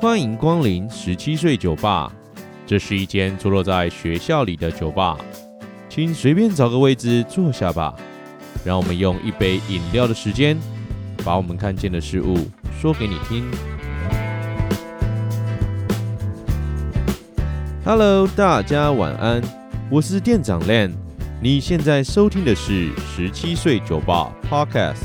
歡迎光臨十七歲酒吧，這是一間坐落在學校裡的酒吧，請隨便找個位置坐下吧。讓我們用一杯飲料的時間，把我們看見的事物說給你聽。Hello，大家晚安。我是店長 Lan，你現在收聽的是十七歲酒吧 Podcast。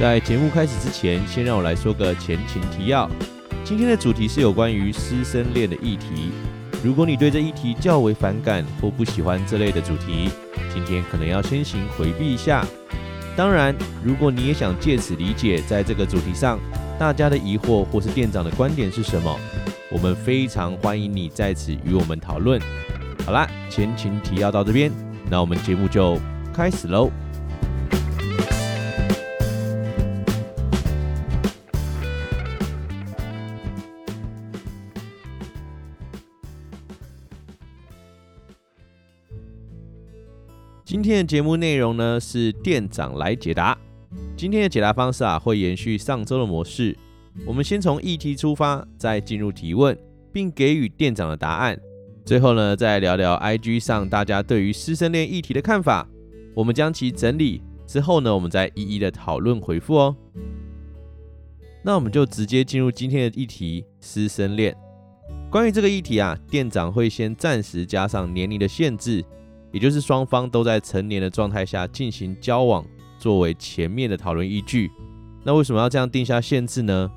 在節目開始之前，先讓我來說個前情提要。今天的主題是有關於師生戀的議題。如果你對這議題較為反感或不喜歡這類的主題，今天可能要先行回避一下。當然，如果你也想借此理解在這個主題上大家的疑惑或是店長的觀點是什麼。我們非常歡迎你在此與我們討論。好啦，前情提要到這邊，那我們節目就開始咯。今天的節目內容呢，是店長來解答。今天的解答方式啊，會延續上周的模式。我們先從議題出發，再進入提問，並給予店長的答案。最後呢，再聊聊 IG 上大家對於師生戀議題的看法。我們將其整理之後呢，我們再一一的討論回復哦。那我們就直接進入今天的議題——師生戀。關於這個議題啊，店長會先暫時加上年齡的限制，也就是雙方都在成年的狀態下進行交往，作為前面的討論依據。那為什麼要這樣定下限制呢？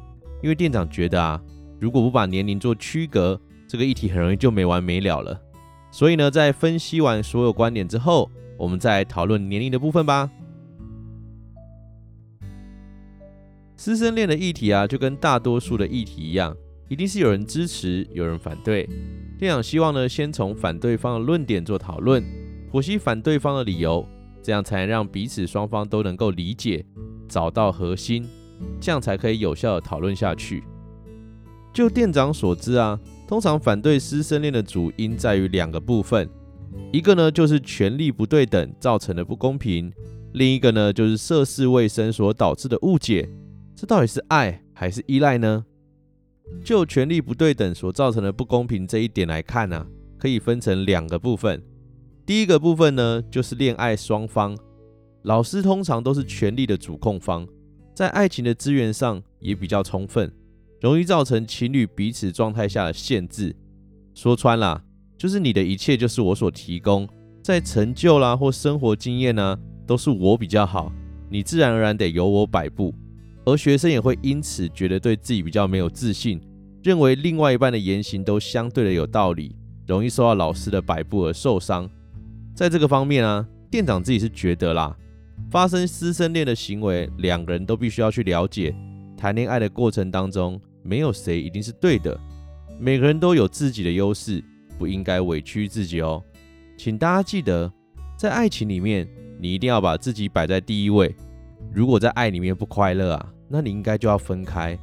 因為店長覺得啊，如果不把年齡做區隔，這個議題很容易就沒完沒了了。所以呢，在分析完所有觀點之後，我們再討論年齡的部分吧。師生戀的議題啊，就跟大多數的議題一樣，一定是有人支持，有人反對。店長希望呢，先從反對方的論點做討論，剖析反對方的理由，這樣才能讓彼此雙方都能夠理解，找到核心。這樣才可以有效的討論下去。就店長所知啊，通常反對師生戀的主因在於兩個部分，一個呢就是權力不對等造成的不公平，另一個呢就是涉世未深所導致的誤解。這到底是愛還是依賴呢？就權力不對等所造成的不公平這一點來看啊，可以分成兩個部分。第一個部分呢就是戀愛雙方，老師通常都是權力的主控方。在愛情的資源上也比較充分，容易造成情侶彼此狀態下的限製。說穿啦，就是你的一切就是我所提供，在成就啦或生活經驗呢、啊，都是我比較好，你自然而然得由我擺布。而學生也會因此覺得對自己比較沒有自信，認為另外一半的言行都相對的有道理，容易受到老師的擺布而受傷。在這個方面啊，店長自己是覺得啦。發生師生戀的行為，兩個人都必須要去了解。談戀愛的過程當中，沒有誰一定是對的，每個人都有自己的優勢，不應該委屈自己哦。請大家記得，在愛情裡面，你一定要把自己擺在第一位。如果在愛裡面不快樂啊，那你應該就要分開。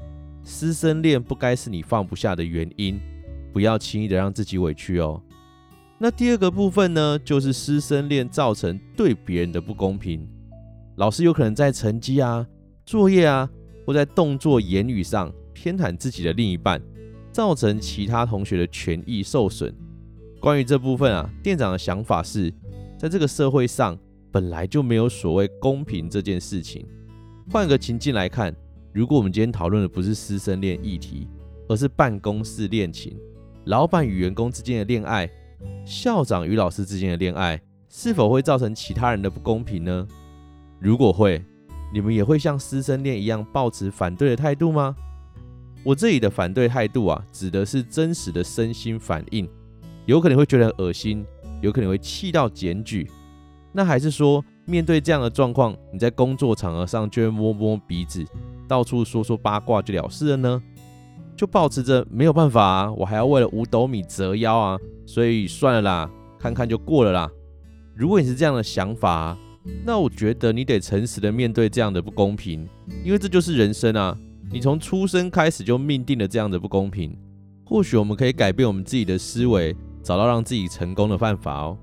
師生戀不該是你放不下的原因，不要輕易的讓自己委屈哦。那第二個部分呢，就是師生戀造成對別人的不公平。老師有可能在成績啊、作業啊，或在動作、言語上偏袒自己的另一半，造成其他同學的權益受損。關於這部分啊，店長的想法是，在這個社會上本來就沒有所謂公平這件事情。換個情境來看，如果我們今天討論的不是師生戀議題，而是辦公室戀情、老闆與員工之間的戀愛、校長與老師之間的戀愛，是否會造成其他人的不公平呢？如果會，你們也會像師生戀一樣抱持反對的態度嗎？我這裡的反對態度啊，指的是真實的身心反應，有可能會覺得惡心，有可能會氣到檢舉。那還是說，面對這樣的狀況，你在工作場合上就會摸摸鼻子，到處說說八卦就了事了呢？就抱持着沒有辦法啊，我還要為了五斗米折腰啊，所以算了啦，看看就過了啦。如果你是這樣的想法啊。那我覺得你得誠實的面對這樣的不公平，因為這就是人生啊！你從出生開始就命定了這樣的不公平。或許我們可以改變我們自己的思維，找到讓自己成功的辦法哦。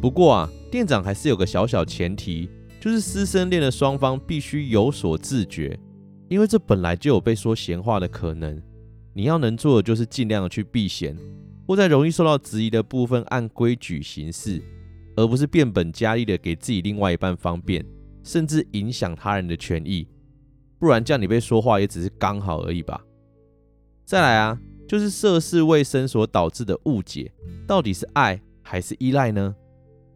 不過啊，店長還是有個小小前提，就是師生戀的雙方必須有所自覺，因為這本來就有被說閒話的可能。你要能做的就是盡量的去避嫌，或在容易受到質疑的部分按規矩行事。而不是變本加厲的給自己另外一半方便，甚至影響他人的權益，不然這樣你被說話也只是剛好而已吧。再來啊，就是涉世未深所導致的誤解，到底是愛還是依賴呢？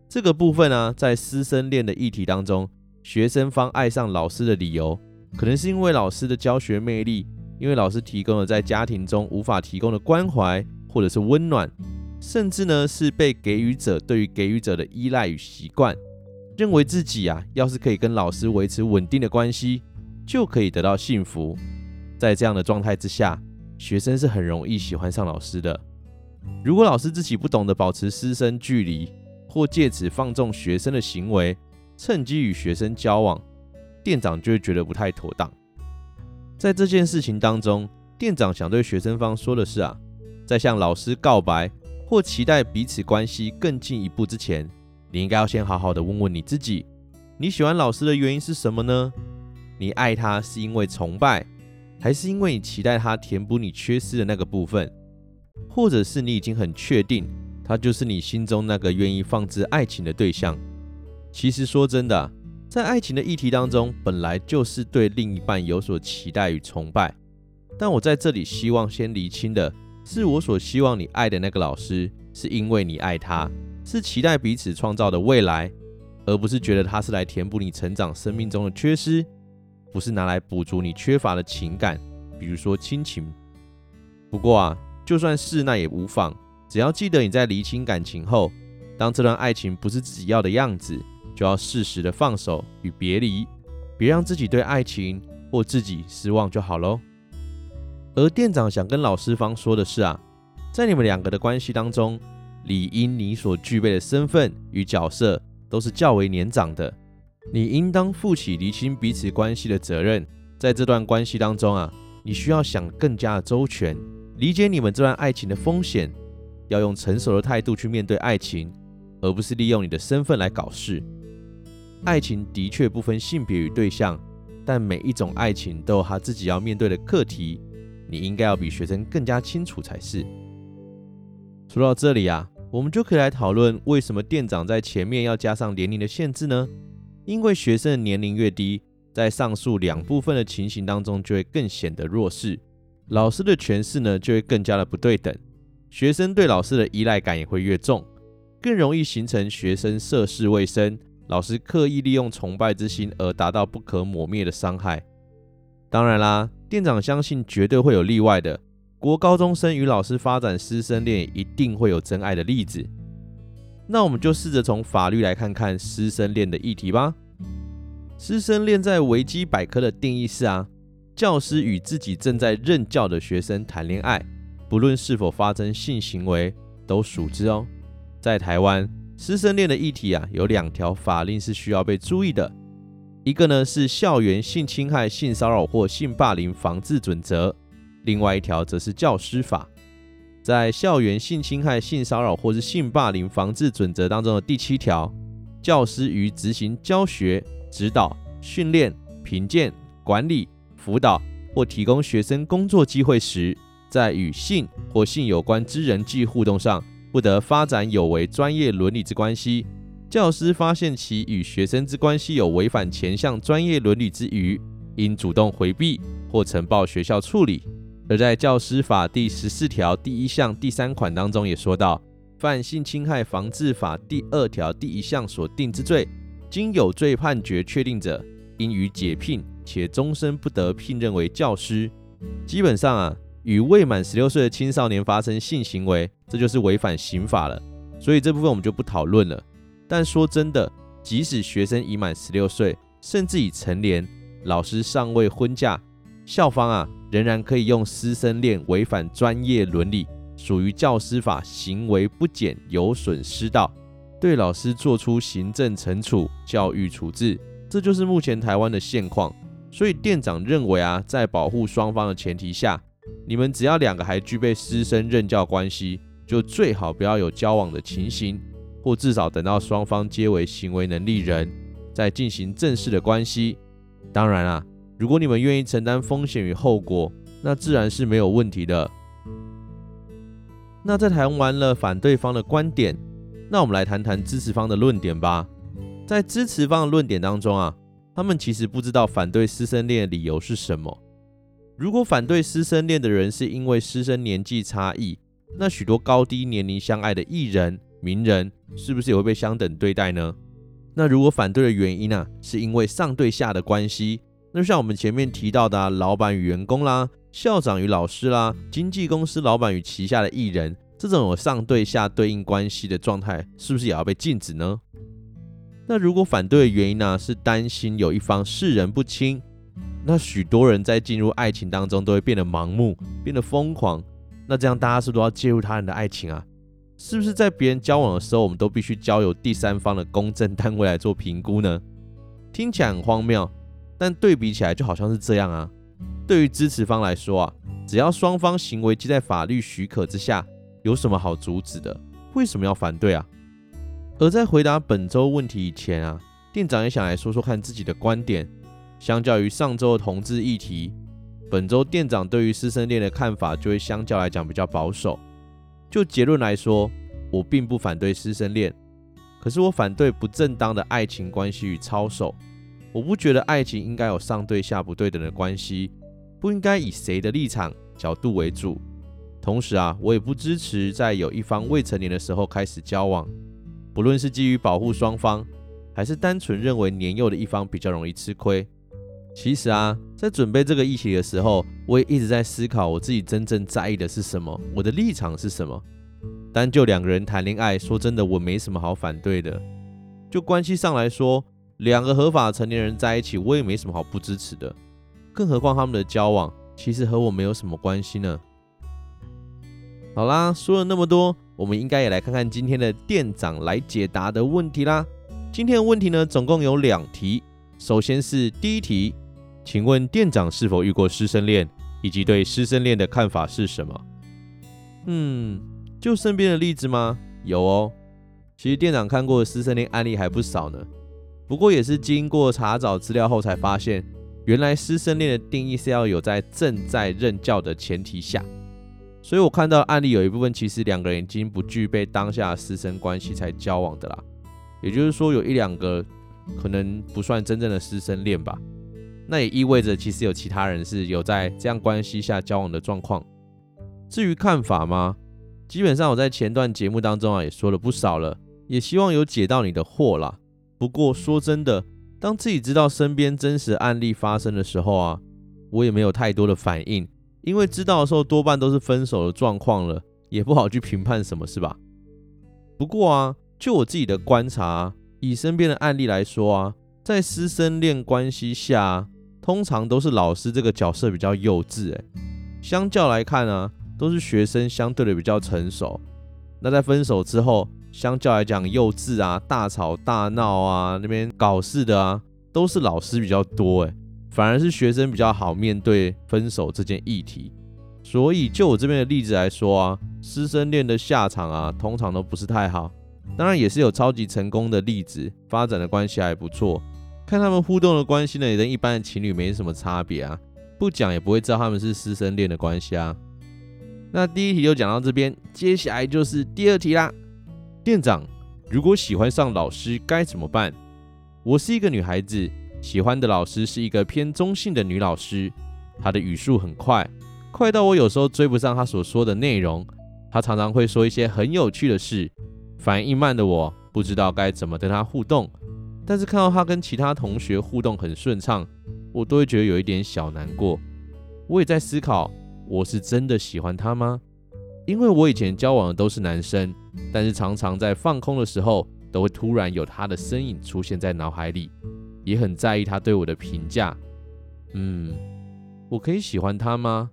這個部分啊，在師生戀的議題當中，學生方愛上老師的理由，可能是因為老師的教學魅力，因為老師提供了在家庭中無法提供的關懷或者是溫暖。甚至呢，是被給予者對於給予者的依賴與習慣，認為自己啊，要是可以跟老師維持穩定的關係，就可以得到幸福。在這樣的狀態之下，學生是很容易喜歡上老師的。如果老師自己不懂得保持師生距離，或借此放縱學生的行為，趁機與學生交往，店長就會覺得不太妥當。在這件事情當中，店長想對學生方說的是啊，在向老師告白。或期待彼此關係更進一步之前，你應該要先好好的問問你自己：你喜歡老師的原因是什麼呢？你愛他是因為崇拜，還是因為你期待他填補你缺失的那個部分？或者是你已經很確定他就是你心中那個願意放置愛情的對象？其實說真的，在愛情的議題當中，本來就是對另一半有所期待與崇拜。但我在這裡希望先釐清的。是我所希望你愛的那個老師，是因為你愛他，是期待彼此創造的未來，而不是覺得他是來填補你成長生命中的缺失，不是拿來補足你缺乏的情感，比如說親情。不過啊，就算是那也無妨，只要記得你在釐清感情後，當這段愛情不是自己要的樣子，就要適時的放手與別離，別讓自己對愛情或自己失望就好嘍。而店長想跟老師方說的是啊，在你們兩個的關係當中，理應你所具備的身份與角色都是較為年長的，你應當負起釐清彼此關係的責任。在這段關係當中啊，你需要想更加的周全，理解你們這段愛情的風險，要用成熟的態度去面對愛情，而不是利用你的身份來搞事。愛情的確不分性別與對象，但每一種愛情都有它自己要面對的課題。你應該要比學生更加清楚才是。說到這裡啊，我們就可以來討論為什麼店長在前面要加上年齡的限制呢？因為學生的年齡越低，在上述兩部分的情形當中，就會更顯得弱勢，老師的權勢呢，就會更加的不對等，學生對老師的依賴感也會越重，更容易形成學生涉世未深，老師刻意利用崇拜之心而達到不可抹滅的傷害。當然啦，店長相信絕對會有例外的。國高中生與老師發展師生戀，一定會有真愛的例子。那我們就試着從法律來看看師生戀的議題吧。師生戀在維基百科的定義是啊，教師與自己正在任教的學生談戀愛，不論是否發生性行為，都屬之哦。在台灣，師生戀的議題啊，有兩條法令是需要被注意的。一個呢，是校園性侵害、性騷擾或性霸凌防治準則，另外一條則是教師法。在校園性侵害、性騷擾或是性霸凌防治準則當中的第七條，教師於執行教學、指導、訓練、評鑑、管理、輔導或提供學生工作機會時，在與性或性有關之人際互動上，不得發展有違專業倫理之關係。教師發現其與學生之關係有違反前項專業倫理之余，應主動回避或呈報學校處理。而在《教師法》第十四條第一項第三款當中也說到，犯性侵害防治法第二條第一項所定之罪，經有罪判決確定者，應予解聘且終身不得聘任為教師。基本上啊，與未滿十六歲的青少年發生性行為，這就是違反刑法了。所以這部分我們就不討論了。但說真的，即使學生已滿十六歲，甚至已成年，老師尚未婚嫁，校方啊仍然可以用師生戀違反專業倫理，屬於教師法行為不檢，有損師道，對老師做出行政懲處、教育處置。這就是目前台灣的現況。所以店長認為啊，在保護雙方的前提下，你們只要兩個還具備師生任教關係，就最好不要有交往的情形。或至少等到雙方皆為行為能力人，再進行正式的關係。當然了，啊，如果你們願意承擔風險與後果，那自然是沒有問題的。那在談完了反對方的觀點，那我們來談談支持方的論點吧。在支持方的論點當中啊，他們其實不知道反對師生戀的理由是什麼。如果反對師生戀的人是因為師生年紀差異，那許多高低年齡相愛的藝人。名人是不是也會被相等對待呢？那如果反對的原因呢、啊，是因為上對下的關係？那就像我們前面提到的、啊，老闆與員工啦，校長與老師啦，經紀公司老闆與旗下的藝人，這種有上對下對應關係的狀態，是不是也要被禁止呢？那如果反對的原因呢、啊，是擔心有一方識人不清？那許多人在進入愛情當中都會變得盲目，變得瘋狂，那這樣大家是不是都要介入他人的愛情啊？是不是在別人交往的時候，我們都必須交由第三方的公證單位來做評估呢？聽起來很荒謬，但對比起來就好像是這樣啊。對於支持方來說啊，只要雙方行為皆在法律許可之下，有什麼好阻止的？為什麼要反對啊？而在回答本周問題以前啊，店長也想來說說看自己的觀點。相較於上周的同志議題，本周店長對於師生戀的看法就會相較來講比較保守。就結論來說，我並不反對師生戀，可是我反對不正當的愛情關係與操守。我不覺得愛情應該有上對下不對等的關係，不應該以誰的立場、角度為主。同時啊，我也不支持在有一方未成年的時候開始交往，不論是基於保護雙方，還是單純認為年幼的一方比較容易吃虧。其實啊，在準備這個議題的時候，我也一直在思考我自己真正在意的是什麼，我的立場是什麼。單就兩個人談戀愛，說真的，我沒什麼好反對的。就關係上來說，兩個合法成年人在一起，我也沒什麼好不支持的。更何況他們的交往，其實和我沒有什麼關係呢。好啦，說了那麼多，我們應該也來看看今天的店長來解答的問題啦。今天的問題呢，總共有兩題，首先是第一題。請問店長是否遇過師生戀，以及對師生戀的看法是什麼？嗯，就身邊的例子嗎？有哦，其實店長看過的師生戀案例還不少呢。不過也是經過查找資料後才發現，原來師生戀的定義是要有在正在任教的前提下。所以我看到案例有一部分其實兩個人已經不具備當下師生關係才交往的啦。也就是說，有一兩個可能不算真正的師生戀吧。那也意味着，其實有其他人是有在這樣關係下交往的狀況。至於看法嗎？基本上我在前段節目當中啊，也說了不少了，也希望有解到你的惑啦。不過說真的，當自己知道身邊真實案例發生的時候啊，我也沒有太多的反應，因為知道的時候多半都是分手的狀況了，也不好去評判什麼，是吧？不過啊，就我自己的觀察啊，以身邊的案例來說啊，在師生戀關係下啊。通常都是老師這個角色比較幼稚，哎、欸，相較來看啊，都是學生相對的比較成熟。那在分手之後，相較來講幼稚啊、大吵大鬧啊、那邊搞事的啊，都是老師比較多哎、欸，反而是學生比較好面對分手這件議題。所以就我這邊的例子來說啊，師生戀的下場啊，通常都不是太好。當然也是有超級成功的例子，發展的關係還不錯。看他們互動的關係呢，也跟一般的情侶沒什麼差別啊。不講也不會知道他們是師生戀的關係啊。那第一題就講到這邊，接下來就是第二題啦。店長，如果喜歡上老師該怎麼辦？我是一個女孩子，喜歡的老師是一個偏中性的女老師，她的語速很快，快到我有時候追不上她所說的內容。她常常會說一些很有趣的事，反應慢的我不知道該怎麼跟她互動。但是看到他跟其他同學互動很順暢，我都會覺得有一點小難過。我也在思考，我是真的喜歡他嗎？因為我以前交往的都是男生，但是常常在放空的時候，都會突然有他的身影出現在腦海裡，也很在意他對我的評價。嗯，我可以喜歡他嗎？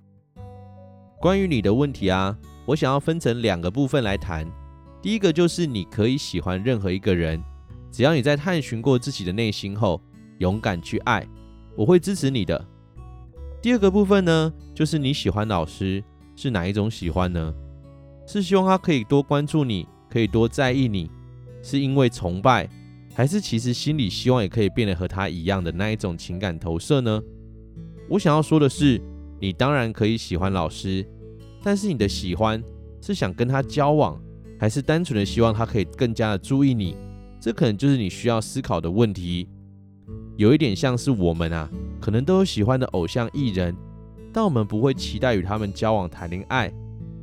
關於你的問題啊，我想要分成兩個部分來談。第一個就是你可以喜歡任何一個人。只要你在探尋過自己的內心後，勇敢去愛，我會支持你的。第二個部分呢，就是你喜歡老師是哪一種喜歡呢？是希望他可以多關注你，可以多在意你，是因為崇拜，還是其實心裡希望也可以變得和他一樣的那一種情感投射呢？我想要說的是，你當然可以喜歡老師，但是你的喜歡是想跟他交往，還是單純的希望他可以更加的注意你？這可能就是你需要思考的問題，有一點像是我們啊，可能都有喜歡的偶像藝人，但我們不會期待與他們交往談戀愛，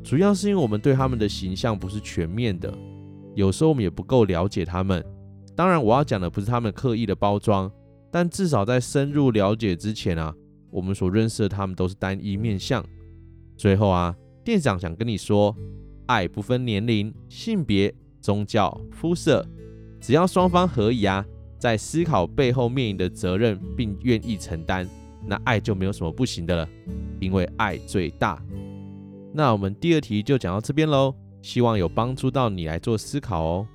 主要是因為我們對他們的形象不是全面的，有時候我們也不夠了解他們。當然，我要講的不是他們刻意的包裝，但至少在深入了解之前啊，我們所認識的他們都是單一面相。最後啊，店長想跟你說，愛不分年齡、性別、宗教、膚色。只要雙方合意啊，在思考背後面臨的責任，並願意承擔，那愛就沒有什麼不行的了。因為愛最大。那我們第二題就講到這邊嘍，希望有幫助到你來做思考哦。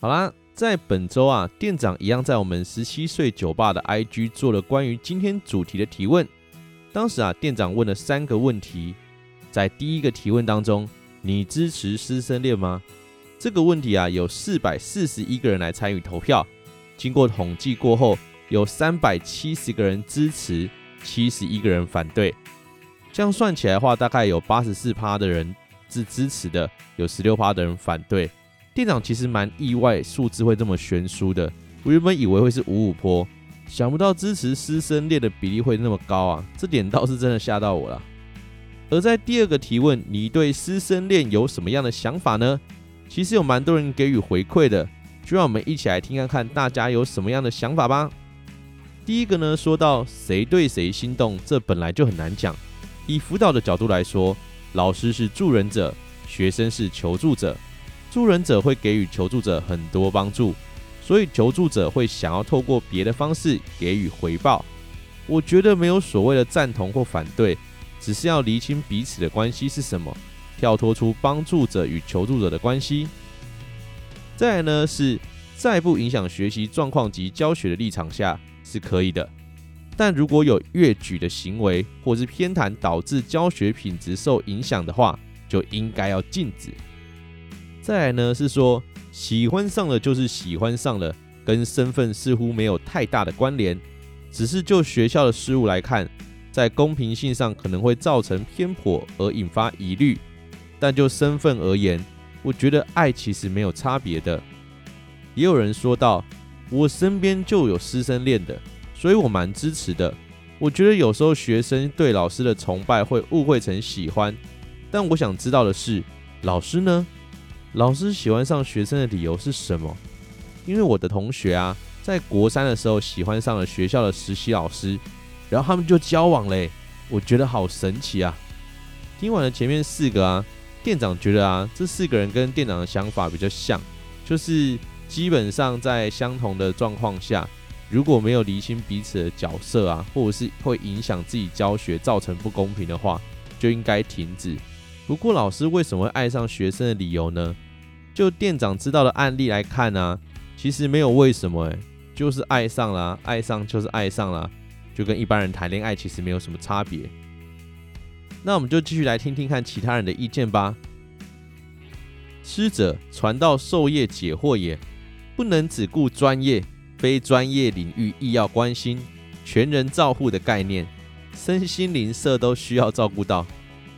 好啦，在本週啊，店長一樣在我們十七歲酒吧的 IG 做了關於今天主題的提問。當時啊，店長問了三個問題。在第一個提問當中，你支持師生戀嗎？這個問題啊，有四百四十一個人來參與投票。經過統計過後，有三百七十個人支持，七十一個人反對。這樣算起來的話，大概有八十四趴的人是支持的，有十六趴的人反對。店長其實蠻意外，數字會這麼懸殊的。我原本以為會是五五波，想不到支持師生戀的比例會那麼高啊，這點倒是真的嚇到我了。而在第二個提問，你對師生戀有什麼樣的想法呢？其實有蠻多人給予回饋的，就讓我們一起來聽看看大家有什麼樣的想法吧。第一個呢，說到誰對誰心動，這本來就很難講。以輔導的角度來說，老師是助人者，學生是求助者，助人者會給予求助者很多幫助，所以求助者會想要透過別的方式給予回報。我覺得沒有所謂的贊同或反對。只是要釐清彼此的關係是什麼，跳脫出幫助者與求助者的關係。再來呢是，在不影響學習狀況及教學的立場下是可以的，但如果有越矩的行為或是偏袒導致教學品質受影響的話，就應該要禁止。再來呢是說，喜歡上了就是喜歡上了，跟身份似乎沒有太大的關聯，只是就學校的事務來看，在公平性上可能會造成偏頗而引發疑慮，但就身份而言，我覺得愛其實沒有差別的。也有人說到，我身邊就有師生戀的，所以我蠻支持的。我覺得有時候學生對老師的崇拜會誤會成喜歡，但我想知道的是，老師呢？老師喜歡上學生的理由是什麼？因為我的同學啊，在國三的時候喜歡上了學校的實習老師。然後他們就交往嘞，我覺得好神奇啊！聽完了前面四個啊，店長覺得啊，這四個人跟店長的想法比較像，就是基本上在相同的狀況下，如果沒有理清彼此的角色啊，或者是會影響自己教學造成不公平的話，就應該停止。不過老師為什麼會愛上學生的理由呢？就店長知道的案例來看啊，其實沒有為什麼，誒，就是愛上了啊，愛上就是愛上了啊。就跟一般人談戀愛其實沒有什麼差別。那我們就繼續來聽聽看其他人的意見吧。師者，傳道授業解惑也，不能只顧專業，非專業領域亦要關心。全人照護的概念，身心靈社都需要照顧到。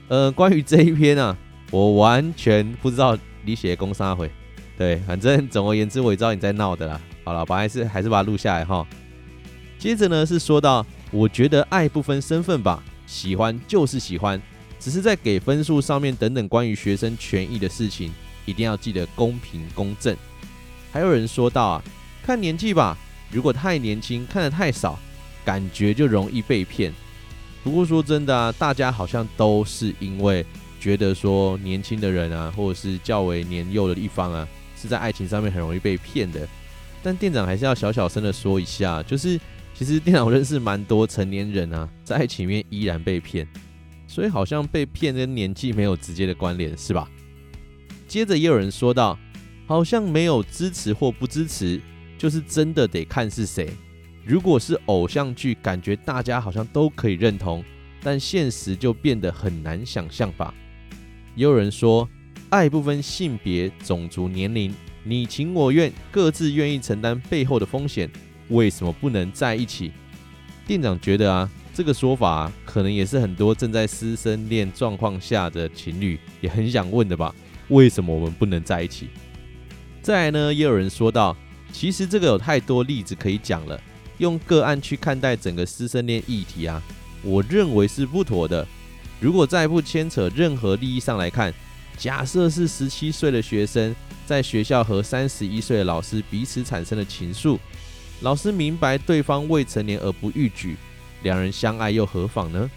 呃，關於這一篇啊，我完全不知道你寫工殺會。對，反正總而言之，我也知道你在鬧的啦。好了，還是還是把它錄下來哈。接着呢，是說到，我覺得愛不分身份吧，喜歡就是喜歡，只是在給分數上面等等關於學生權益的事情，一定要記得公平公正。還有人說到啊，看年紀吧，如果太年輕，看得太少，感覺就容易被騙。不過說真的啊，大家好像都是因為覺得說年輕的人啊，或者是較為年幼的一方啊，是在愛情上面很容易被騙的。但店長還是要小小聲的說一下，就是。其實店長認識蠻多成年人啊，在愛情裡面依然被騙，所以好像被騙跟年紀沒有直接的關聯，是吧？接着也有人說到，好像沒有支持或不支持，就是真的得看是誰。如果是偶像劇，感覺大家好像都可以認同，但現實就變得很難想象吧。也有人說，愛不分性別、種族、年齡，你情我願，各自願意承擔背後的風險。為什麼不能在一起？店長覺得啊，這個說法啊，可能也是很多正在師生戀狀況下的情侶也很想問的吧？為什麼我們不能在一起？再來呢，也有人說到，其實這個有太多例子可以講了。用個案去看待整個師生戀議題啊，我認為是不妥的。如果再不牽扯任何利益上來看，假設是十七歲的學生在學校和三十一歲的老師彼此產生的情愫。老師明白對方未成年而不逾矩，兩人相愛又何妨呢？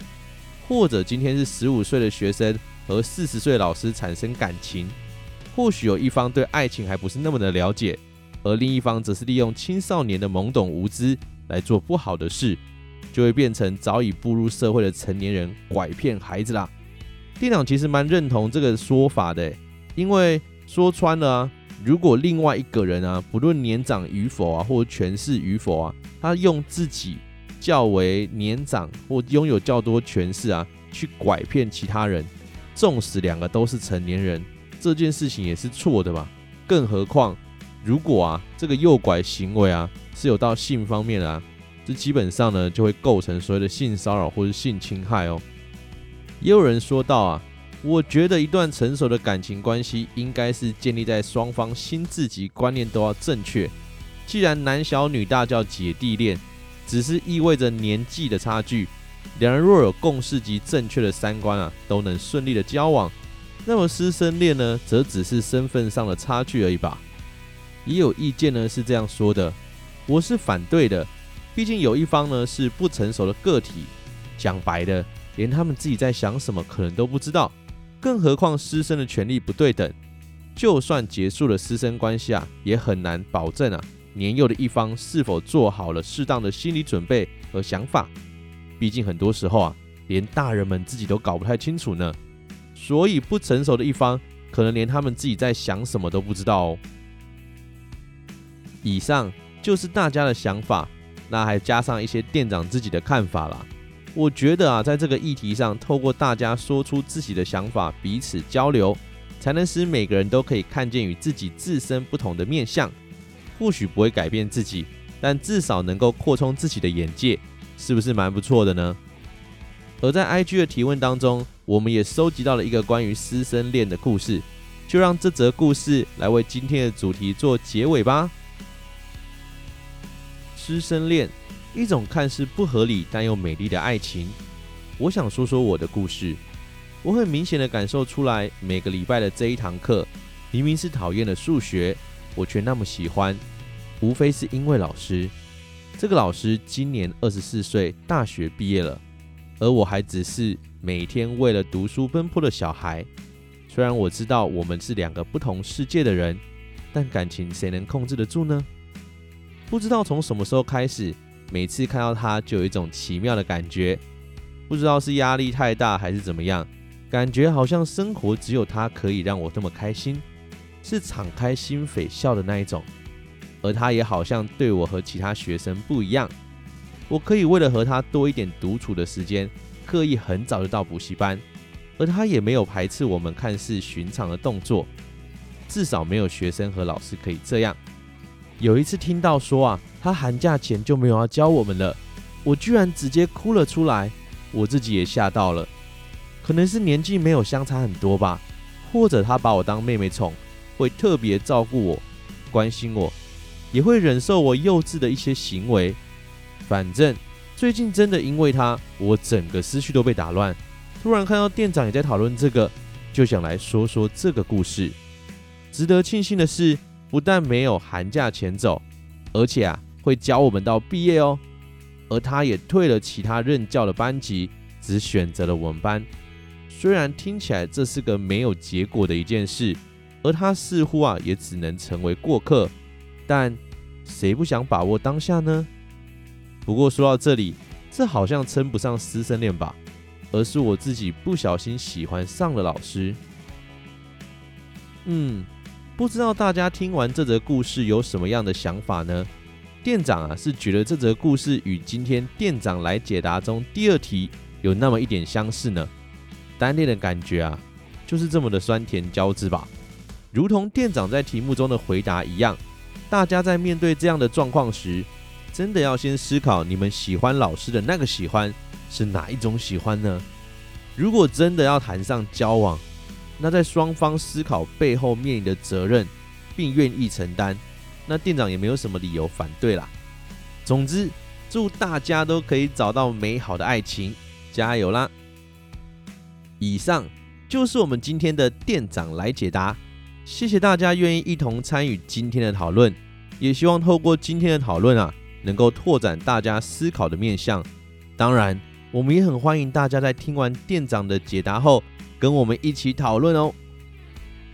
或者今天是十五歲的學生和四十歲的老師產生感情，或許有一方對愛情還不是那麼的了解，而另一方則是利用青少年的懵懂無知來做不好的事，就會變成早已步入社會的成年人拐騙孩子啦。店長其實蠻認同這個說法的，因為說穿了啊。如果另外一個人啊，不論年長與否啊，或權勢與否啊，他用自己較為年長或擁有較多權勢啊，去拐騙其他人，縱使兩個都是成年人，這件事情也是錯的吧？更何況，如果啊，這個誘拐行為啊，是有到性方面的啊，這基本上呢，就會構成所謂的性騷擾或是性侵害哦。也有人說到啊。我覺得一段成熟的感情關係應該是建立在雙方心智及觀念都要正確。既然男小女大叫姐弟戀，只是意味着年紀的差距，兩人若有共識及正確的三觀啊，都能順利的交往。那麼師生戀呢，則只是身份上的差距而已吧。也有意見呢是這樣說的，我是反對的，畢竟有一方呢是不成熟的個體，講白的，連他們自己在想什麼可能都不知道。更何況師生的權利不對等，就算結束了師生關係啊，也很難保證啊年幼的一方是否做好了適當的心理準備和想法。畢竟很多時候啊，連大人們自己都搞不太清楚呢。所以不成熟的一方，可能連他們自己在想什麼都不知道哦。以上就是大家的想法，那還加上一些店長自己的看法啦。我覺得啊，在這個議題上，透過大家說出自己的想法，彼此交流，才能使每個人都可以看見與自己自身不同的面向。或許不會改變自己，但至少能夠擴充自己的眼界，是不是蠻不錯的呢？而在 IG 的提問當中，我們也收集到了一個關於師生戀的故事，就讓這則故事來為今天的主題做結尾吧。師生戀。一種看似不合理但又美麗的愛情。我想說說我的故事。我很明顯的感受出來，每個禮拜的這一堂課，明明是討厭的數學，我卻那麼喜歡，無非是因為老師。這個老師今年二十四歲，大學畢業了，而我還只是每天為了讀書奔波的小孩。雖然我知道我們是兩個不同世界的人，但感情誰能控制得住呢？不知道從什麼時候開始。每次看到他就有一種奇妙的感覺，不知道是壓力太大還是怎麼樣，感覺好像生活只有他可以讓我這麼開心，是敞開心扉笑的那一種。而他也好像對我和其他學生不一樣，我可以為了和他多一點獨處的時間，刻意很早就到補習班，而他也沒有排斥我們看似尋常的動作，至少沒有學生和老師可以這樣。有一次聽到說啊，他寒假前就沒有要教我們了，我居然直接哭了出來，我自己也嚇到了。可能是年紀沒有相差很多吧，或者他把我當妹妹寵，會特別照顧我、關心我，也會忍受我幼稚的一些行為。反正最近真的因為他，我整個思緒都被打亂。突然看到店長也在討論這個，就想來說說這個故事。值得慶幸的是，不但沒有寒假前走，而且啊，會教我們到畢業哦。而他也退了其他任教的班級，只選擇了我們班。雖然聽起來這是個沒有結果的一件事，而他似乎啊，也只能成為過客。但誰不想把握當下呢？不過說到這裡，這好像稱不上師生戀吧，而是我自己不小心喜歡上了老師。嗯。不知道大家聽完這則故事有什麼樣的想法呢？店長啊，是覺得這則故事與今天店長來解答中第二題有那麼一點相似呢？單戀的感覺啊，就是這麼的酸甜交織吧。如同店長在題目中的回答一樣，大家在面對這樣的狀況時，真的要先思考你們喜歡老師的那個喜歡是哪一種喜歡呢？如果真的要談上交往，那在雙方思考背後面臨的責任，並願意承擔，那店長也沒有什麼理由反對啦。總之，祝大家都可以找到美好的愛情，加油啦！以上就是我們今天的店長來解答，謝謝大家願意一同參與今天的討論，也希望透過今天的討論啊，能夠拓展大家思考的面向。當然，我們也很歡迎大家在聽完店長的解答後，跟我們一起討論哦。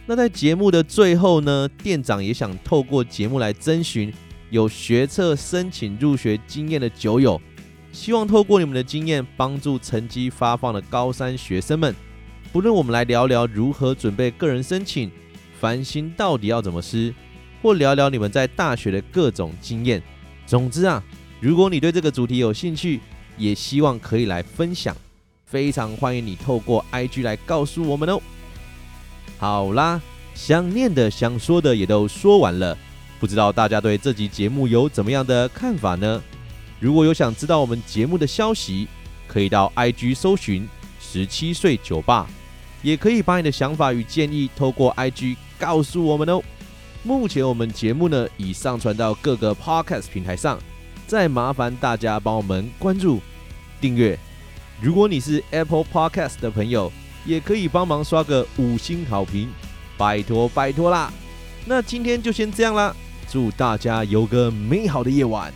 那在節目的最後呢，店長也想透過節目來徵詢有學測申請入學經驗的酒友，希望透過你們的經驗，幫助成績發放的高三學生們。不論我們來聊聊如何準備個人申請，繁星到底要怎麼施，或聊聊你們在大學的各種經驗。總之啊，如果你對這個主題有興趣，也希望可以來分享。非常歡迎你透過 IG 來告訴我們哦。好啦，想念的、想說的也都說完了，不知道大家對這集節目有怎麼樣的看法呢？如果有想知道我們節目的消息，可以到 IG 搜尋十七歲酒吧，也可以把你的想法與建議透過 IG 告訴我們哦。目前我們節目呢已上傳到各個 Podcast 平台上，再麻煩大家幫我們關注、訂閱。如果你是 Apple Podcast 的朋友，也可以幫忙刷個五星好評，拜託拜託啦。那今天就先這樣啦，祝大家有個美好的夜晚。